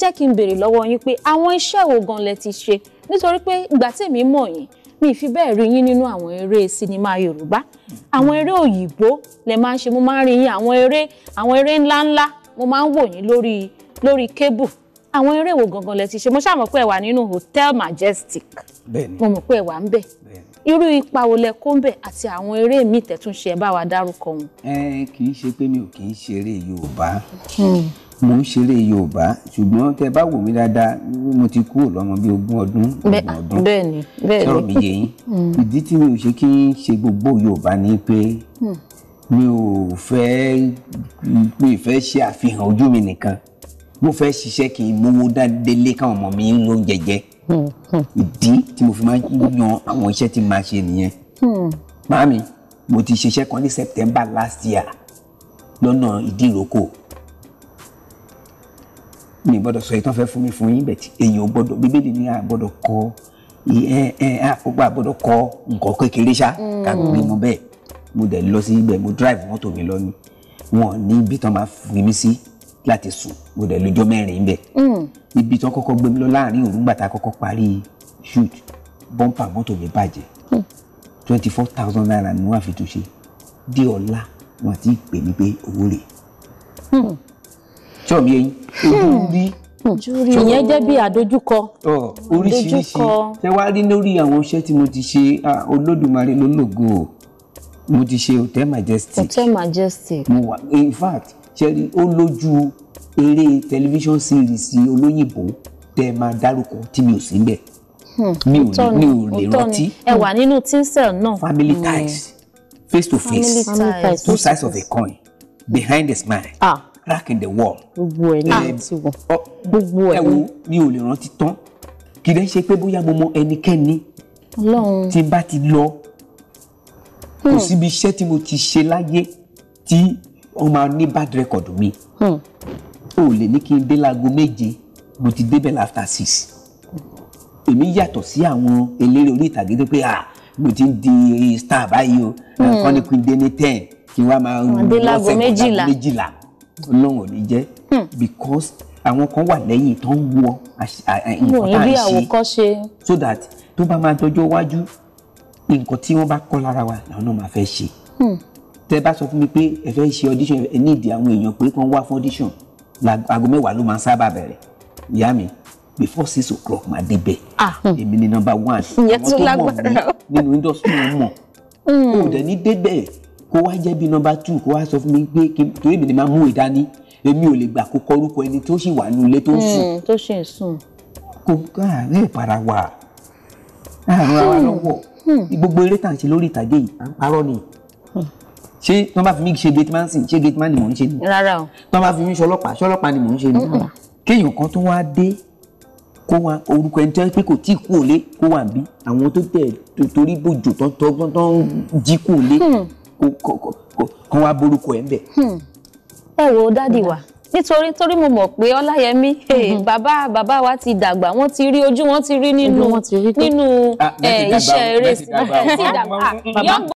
jẹ́ kí n béèrè lọ́wọ́ yín pé àwọn iṣẹ́ wo gan lẹ ti ṣe nítorí pé ìgbà tèmi mọ̀ yín mi fi bẹ́ẹ̀ rí yín nínú àwọn eré sinimá yorùbá àwọn eré òyìnbó lẹ máa ń ṣe mo máa ń rí yín àwọn eré àwọn eré ńláńlá mo máa ń wò yín lórí lórí kébù àwọn eré wo lẹ ti ṣe mo ṣàmọ̀ pé ẹ wà nínú hotel majestic mo mọ̀ pé ẹ wà ń bẹ̀ irú ipa wo lẹ kó ń bẹ̀ àti àwọn eré mi tẹ̀túnṣe ẹ bá wa dárúkọ wọn. ẹ kì í ṣe pé mi ò kì í ṣeré Yorùbá hmm. mo ń ṣeré Yorùbá ṣùgbọ́n tẹ bá wò mí dáadáa mo ti kúrò lọ́mọ bíi ogún ọdún ogún ọdún bẹ́ẹ̀ni bẹ́ẹ̀ni sọ̀rọ̀ mi yé yín hmm. ìdí tí mi ò ṣe kí n ṣe gbogbo Yorùbá ni pé hmm. mi ò fẹ́ pé ìfẹ́ ṣe àfihàn ojú mi nìkan mo fẹ́ ṣiṣẹ́ kí n mówó dá délé káwọn ọmọ mi ń lóúnjẹ jẹ ìdí tí mo fi máa ń yan àwọn iṣẹ́ tí màá ṣe nìyẹn màámi mo ti ṣiṣẹ́ kan ní September last year lọ́nà ìdíròkò mi gbọ́dọ̀ sọ ìtàn fẹ́ fún mi fún yín bẹ̀tì èyàn ò gbọ́dọ̀ bíbélì ni a gbọ́dọ̀ kọ ẹ ẹ àkókò a gbọ́dọ̀ kọ nǹkan kékeré ṣá kàgbé mo bẹ́ẹ̀ mo dẹ̀ lọ sí ibẹ̀ mo drive mọ́tò mi lọ ni wọn ní ibi tán máa fi mí sí. Si láti sùn mo dẹ̀ lọ́jọ́ mẹ́rin bẹ̀. Hmm. ibi tí wọ́n kọ́kọ́ gbé mi lọ láàrin òru nígbà tá a kọ́kọ́ parí shoot bọ́ńpà mọ́tò mi bàjẹ́ hmm. twenty four thousand naira ni wọ́n á fi tún ṣe dé ọ̀la wọn àti pè mí pé owó rè. tí hmm. ọ̀mí ẹyin ojú rí ìyẹn jẹ́ bí àdójúkọ. oríṣiríṣi ṣé wàá rí lórí àwọn iṣẹ́ tí mo ti ṣe olódùmarè lólògo mo ti ṣe hotel majestic. hotel majestic. mo wà in fact ṣẹ́rí ó lójú eré tẹlifíṣàn series olóyìnbó tẹ́ ẹ máa dárúkọ tí mi ò sí níbẹ̀ hmm, mi ò mi ò lè rántí. ẹ wà nínú tinsel náà. family hmm. ties face to face two sides of a coin behind the smile. Ah crack in the wall. gbogbo eh, ẹ ní ti wọ. gbogbo ẹ wo mi ò lè rántí tán kì í dẹ́ ṣe pé bóyá mo mọ ẹnikẹ́ni tí n bá ti lọ kò hmm. síbi iṣẹ́ tí mo ti ṣe láyé tí wọ́n máa ní bad record mi hmm. o lè ní kí n dé láago méje mo ti débẹ̀ láfta six èmi yàtọ̀ sí àwọn eléré orí ìtàgé tó pé ah mo ti ń di star báyìí o nǹkan hmm. ni kí n dé ní ten kí n wá máa ń lọ sẹ́kọ̀ọ́ méjìlá ọlọ́run ní jẹ́ hmm. because àwọn kan wà lẹ́yìn tó ń wọ nǹkan tá à ń ṣe so that tó bá máa dọjọ́ iwájú nǹkan tí wọ́n bá kọ́ lára wa làwọn náà máa fẹ́ ṣe tẹ bá sọ fún mi pé ẹ fẹ́ ṣe audition ẹ ní ìdí àwọn èèyàn pé kàn wá fún audition aago mẹ́wàá ló máa ń sábà bẹ̀rẹ̀ ìyá mi before six o'clock máa débẹ̀ ah. èmi ni number one àwọn tó mọ̀ mí nínú industry wọn mọ̀ kò hmm. dẹ̀ ní débẹ̀ kó wá jẹ́ bí number two kó wá sọ fún mi pé torí èmi ni máa mú ìdání èmi ò lè gbà kó kọ orúkọ ẹni tó sì wà ní ilé tó ń sùn hmm, tó sì ń sùn kó káàárẹ̀ ìpara wà àrùn àwa hmm. lọ́wọ́ gbogbo eré tà lórí ìtàgé yìí à ni ṣé wọ́n bá fi mí ṣe gateman sí ṣé gateman ni mò ń ṣe ni. rárá o. wọ́n bá fi mí ṣọlọ́pàá ṣọlọ́pàá ni mò ń ṣe ni. kéèyàn kan tó wá dé kó wa orúkọ ẹni tó yẹ pé kò tí kú òlé kó wà bí àwọn tó tẹ torí bòjò tán tán tán hmm. jí kú òlé hmm. kó wá borúkọ ẹ bẹ. Hmm. ẹ wo dádì wa nítorí torí mo mọ̀ pé ọláyẹmí eh, bàbá bàbá wa ti dàgbà wọ́n ti rí ojú wọn ti rí nínú nínú ah, eh, iṣẹ́ eré sí i.